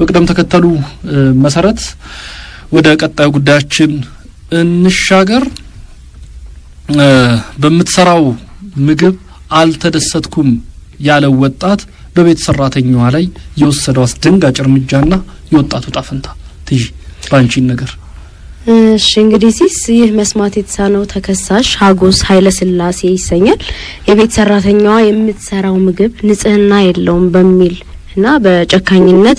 በቅደም ተከተሉ መሰረት ወደ ቀጣዩ ጉዳያችን እንሻገር። በምትሰራው ምግብ አልተደሰትኩም ያለው ወጣት በቤት ሰራተኛዋ ላይ የወሰደው አስደንጋጭ እርምጃና የወጣቱ ጣፈንታ ትይ ባንቺን ነገር እሺ እንግዲህ ሲስ ይህ መስማት የተሳነው ተከሳሽ ሀጎስ ኃይለ ስላሴ ይሰኛል። የቤት ሰራተኛዋ የምትሰራው ምግብ ንጽህና የለውም በሚል እና በጨካኝነት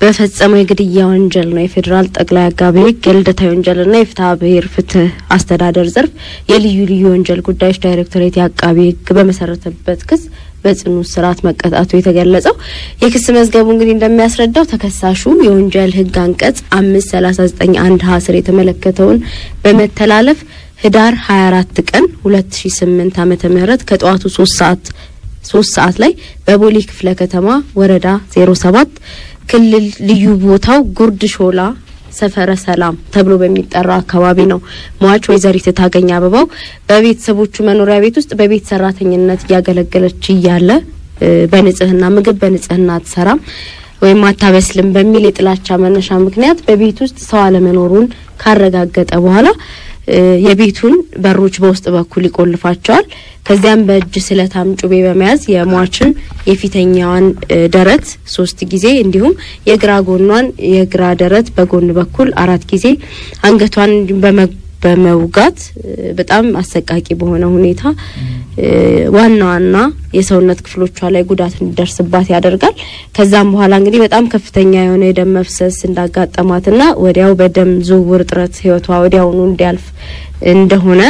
በፈጸመው የግድያ ወንጀል ነው የፌዴራል ጠቅላይ አቃቤ ሕግ የልደታ ወንጀልና የፍትሀ ብሔር ፍትህ አስተዳደር ዘርፍ የልዩ ልዩ ወንጀል ጉዳዮች ዳይሬክቶሬት የአቃቤ ሕግ በመሰረተበት ክስ በጽኑ እስራት መቀጣቱ የተገለጸው የክስ መዝገቡ እንግዲህ እንደሚያስረዳው ተከሳሹ የወንጀል ሕግ አንቀጽ አምስት ሰላሳ ዘጠኝ አንድ ሀ ስር የተመለከተውን በመተላለፍ ህዳር ሀያ አራት ቀን ሁለት ሺ ስምንት አመተ ምህረት ከጠዋቱ ሶስት ሰዓት ሶስት ሰዓት ላይ በቦሌ ክፍለ ከተማ ወረዳ ዜሮ ሰባት ክልል ልዩ ቦታው ጉርድ ሾላ ሰፈረ ሰላም ተብሎ በሚጠራ አካባቢ ነው። ሟች ወይዘሪት ታገኝ አበባው በቤተሰቦቹ መኖሪያ ቤት ውስጥ በቤት ሰራተኝነት እያገለገለች እያለ በንጽህና ምግብ በንጽህና አትሰራም ወይም አታበስልም በሚል የጥላቻ መነሻ ምክንያት በቤት ውስጥ ሰው አለመኖሩን ካረጋገጠ በኋላ የቤቱን በሮች በውስጥ በኩል ይቆልፋቸዋል። ከዚያም በእጅ ስለታም ጩቤ በመያዝ የሟችን የፊተኛዋን ደረት ሶስት ጊዜ እንዲሁም የግራ ጎኗን የግራ ደረት በጎን በኩል አራት ጊዜ አንገቷን በመ በመውጋት በጣም አሰቃቂ በሆነ ሁኔታ ዋና ዋና የሰውነት ክፍሎቿ ላይ ጉዳት እንዲደርስባት ያደርጋል። ከዛም በኋላ እንግዲህ በጣም ከፍተኛ የሆነ የደም መፍሰስ እንዳጋጠማትና ወዲያው በደም ዝውውር እጥረት ህይወቷ ወዲያውኑ እንዲያልፍ እንደሆነ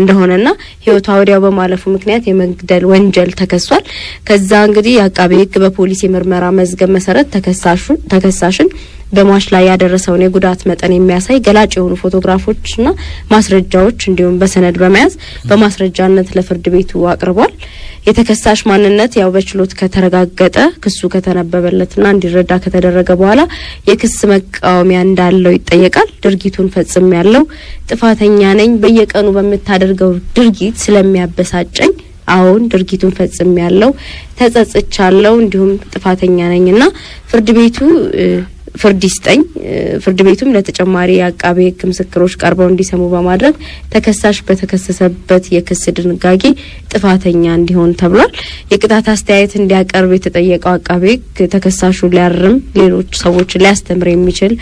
እንደሆነና ህይወቷ ወዲያው በማለፉ ምክንያት የመግደል ወንጀል ተከሷል። ከዛ እንግዲህ የአቃቤ ህግ በፖሊስ የምርመራ መዝገብ መሰረት ተከሳሹን በሟች ላይ ያደረሰውን የጉዳት መጠን የሚያሳይ ገላጭ የሆኑ ፎቶግራፎችና ማስረጃዎች እንዲሁም በሰነድ በመያዝ በማስረጃነት ለፍርድ ቤቱ አቅርቧል። የተከሳሽ ማንነት ያው በችሎት ከተረጋገጠ ክሱ ከተነበበለትና እንዲረዳ ከተደረገ በኋላ የክስ መቃወሚያ እንዳለው ይጠየቃል። ድርጊቱን ፈጽም ያለው ጥፋተኛ ነኝ፣ በየቀኑ በምታደርገው ድርጊት ስለሚያበሳጨኝ አሁን ድርጊቱን ፈጽም ያለው ተጸጽቻለሁ፣ እንዲሁም ጥፋተኛ ነኝና ፍርድ ቤቱ ፍርድ ይስጠኝ። ፍርድ ቤቱም ለተጨማሪ የአቃቤ ሕግ ምስክሮች ቀርበው እንዲሰሙ በማድረግ ተከሳሽ በተከሰሰበት የክስ ድንጋጌ ጥፋተኛ እንዲሆን ተብሏል። የቅጣት አስተያየት እንዲያቀርብ የተጠየቀው አቃቤ ሕግ ተከሳሹ ሊያርም፣ ሌሎች ሰዎችን ሊያስተምር የሚችል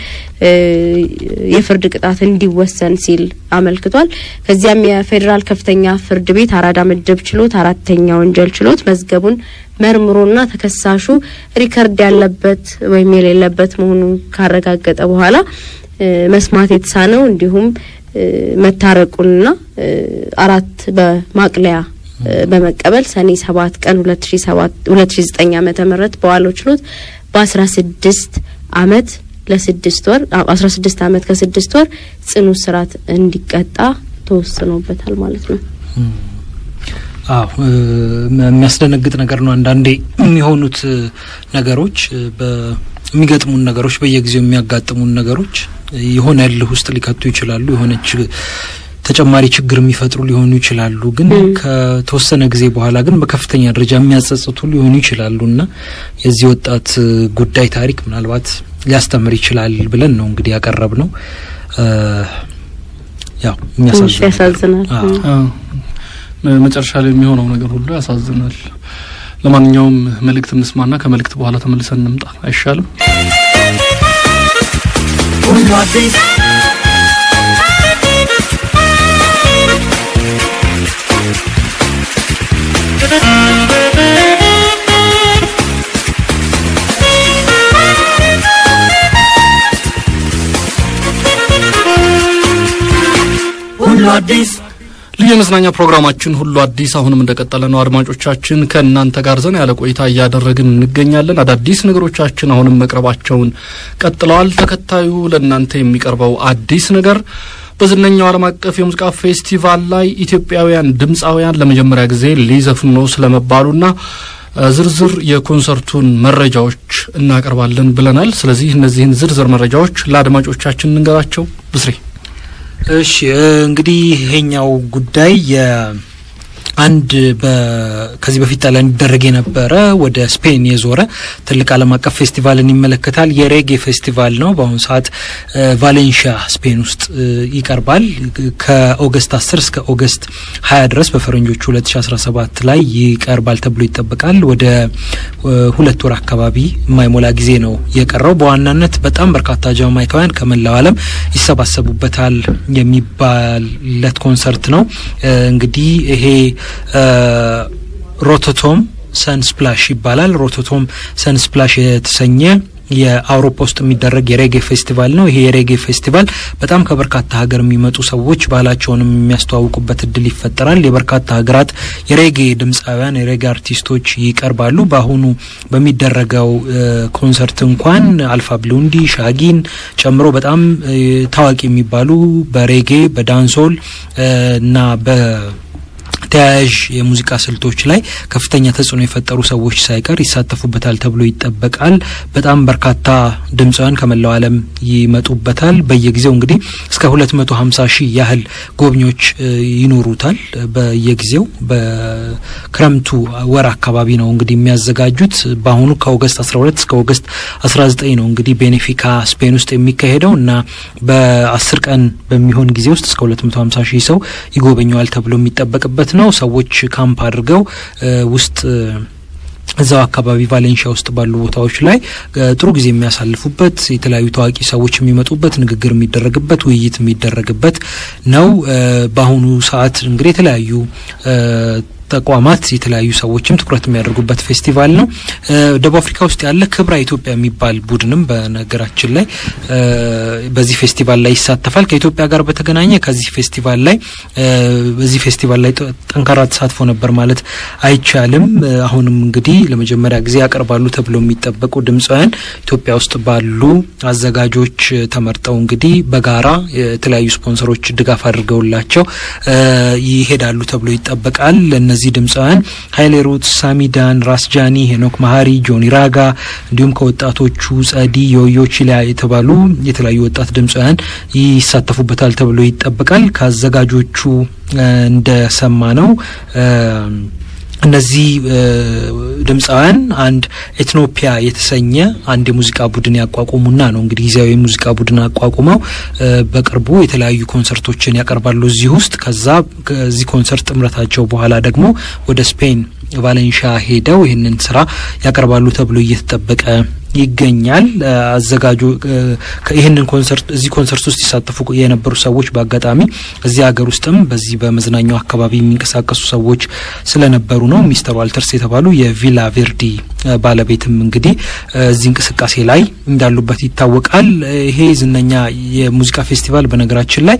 የፍርድ ቅጣት እንዲወሰን ሲል አመልክቷል። ከዚያም የፌዴራል ከፍተኛ ፍርድ ቤት አራዳ ምድብ ችሎት አራተኛ ወንጀል ችሎት መዝገቡን መርምሮና ተከሳሹ ሪከርድ ያለበት ወይም የሌለበት መሆኑን ካረጋገጠ በኋላ መስማት የተሳነው እንዲሁም መታረቁንና አራት በማቅለያ በመቀበል ሰኔ ሰባት ቀን ሁለት ሺ ሰባት ሁለት ሺ ዘጠኝ ዓመተ ምህረት በዋለው ችሎት በአስራ ስድስት አመት ለስድስት ወር አስራ ስድስት አመት ከስድስት ወር ጽኑ እስራት እንዲቀጣ ተወስኖበታል ማለት ነው። የሚያስደነግጥ ነገር ነው። አንዳንዴ የሚሆኑት ነገሮች የሚገጥሙን ነገሮች በየጊዜው የሚያጋጥሙን ነገሮች የሆነ እልህ ውስጥ ሊከቱ ይችላሉ። የሆነች ተጨማሪ ችግር የሚፈጥሩ ሊሆኑ ይችላሉ። ግን ከተወሰነ ጊዜ በኋላ ግን በከፍተኛ ደረጃ የሚያጸጽቱ ሊሆኑ ይችላሉ እና የዚህ ወጣት ጉዳይ ታሪክ ምናልባት ሊያስተምር ይችላል ብለን ነው እንግዲህ ያቀረብ ነው። ያው የሚያሳዝናል መጨረሻ ላይ የሚሆነው ነገር ሁሉ ያሳዝናል። ለማንኛውም መልእክት እንስማና ከመልእክት በኋላ ተመልሰን እንምጣ አይሻልም? ሁሉ አዲስ የመዝናኛ ፕሮግራማችን ሁሉ አዲስ አሁንም እንደቀጠለ ነው። አድማጮቻችን ከእናንተ ጋር ዘና ያለ ቆይታ እያደረግን እንገኛለን። አዳዲስ ነገሮቻችን አሁንም መቅረባቸውን ቀጥለዋል። ተከታዩ ለእናንተ የሚቀርበው አዲስ ነገር በዝነኛው ዓለም አቀፍ የሙዚቃ ፌስቲቫል ላይ ኢትዮጵያውያን ድምፃውያን ለመጀመሪያ ጊዜ ሊዘፍኖ ነው ስለመባሉና ዝርዝር የኮንሰርቱን መረጃዎች እናቀርባለን ብለናል። ስለዚህ እነዚህን ዝርዝር መረጃዎች ለአድማጮቻችን እንገራቸው ብስሬ እሺ እንግዲህ ይሄኛው ጉዳይ አንድ ከዚህ በፊት ጣሊያን ይደረግ የነበረ ወደ ስፔን የዞረ ትልቅ ዓለም አቀፍ ፌስቲቫልን ይመለከታል። የሬጌ ፌስቲቫል ነው። በአሁኑ ሰዓት ቫሌንሺያ ስፔን ውስጥ ይቀርባል። ከኦገስት 10 እስከ ኦገስት 20 ድረስ በፈረንጆቹ 2017 ላይ ይቀርባል ተብሎ ይጠበቃል። ወደ ሁለት ወር አካባቢ የማይሞላ ጊዜ ነው የቀረው። በዋናነት በጣም በርካታ ጃማይካውያን ከመላው ዓለም ይሰባሰቡበታል የሚባለት ኮንሰርት ነው እንግዲህ ይሄ ሮቶቶም ሰንስፕላሽ ይባላል። ሮቶቶም ሰንስፕላሽ የተሰኘ የአውሮፓ ውስጥ የሚደረግ የሬጌ ፌስቲቫል ነው። ይሄ የሬጌ ፌስቲቫል በጣም ከበርካታ ሀገር የሚመጡ ሰዎች ባህላቸውንም የሚያስተዋውቁበት እድል ይፈጠራል። የበርካታ ሀገራት የሬጌ ድምፃውያን፣ የሬጌ አርቲስቶች ይቀርባሉ። በአሁኑ በሚደረገው ኮንሰርት እንኳን አልፋ ብሉንዲ፣ ሻጊን ጨምሮ በጣም ታዋቂ የሚባሉ በሬጌ በዳንሶል እና በ ተያያዥ የሙዚቃ ስልቶች ላይ ከፍተኛ ተጽዕኖ የፈጠሩ ሰዎች ሳይቀር ይሳተፉበታል ተብሎ ይጠበቃል። በጣም በርካታ ድምፃውያን ከመላው ዓለም ይመጡበታል። በየጊዜው እንግዲህ እስከ 250 ሺህ ያህል ጎብኚዎች ይኖሩታል። በየጊዜው በክረምቱ ወር አካባቢ ነው እንግዲህ የሚያዘጋጁት። በአሁኑ ከኦገስት 12 እስከ ኦገስት 19 ነው እንግዲህ ቤኔፊካ ስፔን ውስጥ የሚካሄደው እና በ10 ቀን በሚሆን ጊዜ ውስጥ እስከ 250 ሺህ ሰው ይጎበኘዋል ተብሎ የሚጠበቅበት ነው። ነው ሰዎች ካምፕ አድርገው ውስጥ እዛው አካባቢ ቫሌንሺያ ውስጥ ባሉ ቦታዎች ላይ ጥሩ ጊዜ የሚያሳልፉበት የተለያዩ ታዋቂ ሰዎች የሚመጡበት ንግግር የሚደረግበት ውይይት የሚደረግበት ነው። በአሁኑ ሰዓት እንግዲህ የተለያዩ ተቋማት፣ የተለያዩ ሰዎችም ትኩረት የሚያደርጉበት ፌስቲቫል ነው። ደቡብ አፍሪካ ውስጥ ያለ ክብራ ኢትዮጵያ የሚባል ቡድንም በነገራችን ላይ በዚህ ፌስቲቫል ላይ ይሳተፋል። ከኢትዮጵያ ጋር በተገናኘ ከዚህ ፌስቲቫል ላይ በዚህ ፌስቲቫል ላይ ጠንካራ ተሳትፎ ነበር ማለት አይቻልም። አሁንም እንግዲህ ለመጀመሪያ ጊዜ ያቀርባሉ ተብሎ የሚጠበቁ ድምጻውያን ኢትዮጵያ ውስጥ ባሉ አዘጋጆች ተመርጠው እንግዲህ በጋራ የተለያዩ ስፖንሰሮች ድጋፍ አድርገውላቸው ይሄዳሉ ተብሎ ይጠበቃል። እነዚህ ድምፃውያን ሀይሌ ሩት፣ ሳሚዳን፣ ራስጃኒ፣ ሄኖክ መሀሪ፣ ጆኒ ራጋ እንዲሁም ከወጣቶቹ ጸዲ፣ ዮዮ ቺሊያ የተባሉ የተለያዩ ወጣት ድምፃውያን ይሳተፉበታል ተብሎ ይጠበቃል። ከአዘጋጆቹ እንደሰማ ነው እነዚህ ድምፃውያን አንድ ኤትኖፒያ የተሰኘ አንድ የሙዚቃ ቡድን ያቋቁሙና ነው እንግዲህ ጊዜያዊ የሙዚቃ ቡድን አቋቁመው በቅርቡ የተለያዩ ኮንሰርቶችን ያቀርባሉ እዚህ ውስጥ። ከዛ ከዚህ ኮንሰርት ጥምረታቸው በኋላ ደግሞ ወደ ስፔን ቫለንሻ ሄደው ይህንን ስራ ያቀርባሉ ተብሎ እየተጠበቀ ይገኛል። አዘጋጁ ይህንን ኮንሰርት እዚህ ኮንሰርት ውስጥ ይሳተፉ የነበሩ ሰዎች በአጋጣሚ እዚህ ሀገር ውስጥም በዚህ በመዝናኛው አካባቢ የሚንቀሳቀሱ ሰዎች ስለነበሩ ነው። ሚስተር ዋልተርስ የተባሉ የቪላ ቬርዲ ባለቤትም እንግዲህ እዚህ እንቅስቃሴ ላይ እንዳሉበት ይታወቃል። ይሄ ዝነኛ የሙዚቃ ፌስቲቫል በነገራችን ላይ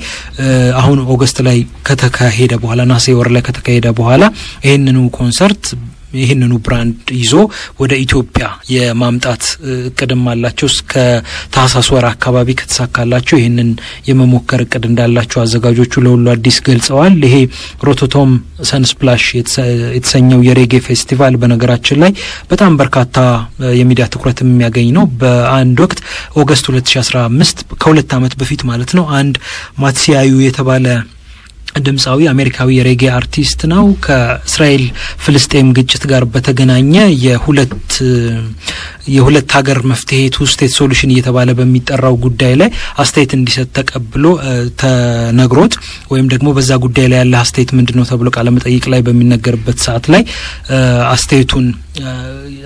አሁን ኦገስት ላይ ከተካሄደ በኋላ ናሴ ወር ላይ ከተካሄደ በኋላ ይህንኑ ኮንሰርት ይህንኑ ብራንድ ይዞ ወደ ኢትዮጵያ የማምጣት እቅድም አላቸው። እስከ ታህሳስ ወር አካባቢ ከተሳካላቸው ይህንን የመሞከር እቅድ እንዳላቸው አዘጋጆቹ ለሁሉ አዲስ ገልጸዋል። ይሄ ሮቶቶም ሰንስፕላሽ የተሰኘው የሬጌ ፌስቲቫል በነገራችን ላይ በጣም በርካታ የሚዲያ ትኩረት የሚያገኝ ነው። በአንድ ወቅት ኦገስት 2015 ከሁለት ዓመት በፊት ማለት ነው አንድ ማትሲያዩ የተባለ ድምፃዊ አሜሪካዊ የሬጌ አርቲስት ነው። ከእስራኤል ፍልስጤም ግጭት ጋር በተገናኘ የሁለት የሁለት ሀገር መፍትሄ ቱ ስቴት ሶሉሽን እየተባለ በሚጠራው ጉዳይ ላይ አስተያየት እንዲሰጥ ተቀብሎ ተነግሮት ወይም ደግሞ በዛ ጉዳይ ላይ ያለ አስተያየት ምንድን ነው ተብሎ ቃለመጠይቅ ላይ በሚነገርበት ሰዓት ላይ አስተያየቱን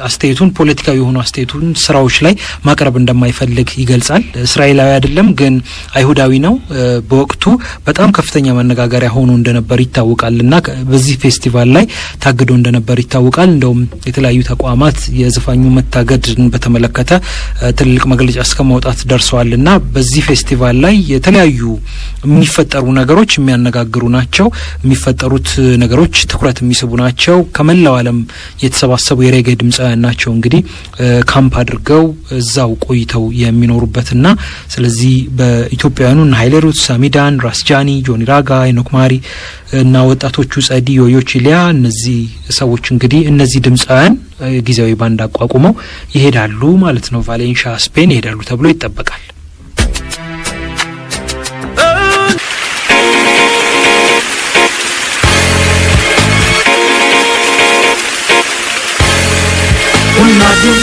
አስተያየቱን ፖለቲካዊ የሆኑ አስተያየቱን ስራዎች ላይ ማቅረብ እንደማይፈልግ ይገልጻል። እስራኤላዊ አይደለም ግን አይሁዳዊ ነው። በወቅቱ በጣም ከፍተኛ መነጋገሪያ ሆኖ እንደነበር ይታወቃል እና በዚህ ፌስቲቫል ላይ ታግዶ እንደነበር ይታወቃል። እንደውም የተለያዩ ተቋማት የዘፋኙ መታገድን በተመለከተ ትልቅ መግለጫ እስከ ማውጣት ደርሰዋል እና በዚህ ፌስቲቫል ላይ የተለያዩ የሚፈጠሩ ነገሮች የሚያነጋግሩ ናቸው። የሚፈጠሩት ነገሮች ትኩረት የሚስቡ ናቸው። ከመላው ዓለም የተሰባሰቡ የሬጌ ድምፃውያን ናቸው እንግዲህ ካምፕ አድርገው እዛው ቆይተው የሚኖሩበትና ስለዚህ በኢትዮጵያውያኑ እነ ሀይሌ ሩት፣ ሳሚዳን፣ ራስጃኒ፣ ጆኒ ራጋ፣ ሄኖክ ማሪ እና ወጣቶቹ ጸዲ፣ ዮዮች ሊያ እነዚህ ሰዎች እንግዲህ እነዚህ ድምፃውያን ጊዜያዊ ባንድ አቋቁመው ይሄዳሉ ማለት ነው። ቫሌንሻ ስፔን ይሄዳሉ ተብሎ ይጠበቃል። this.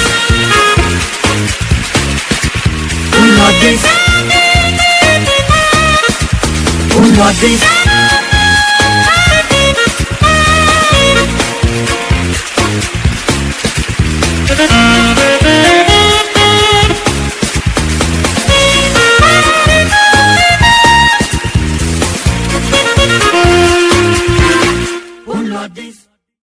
Who not this? Who not this?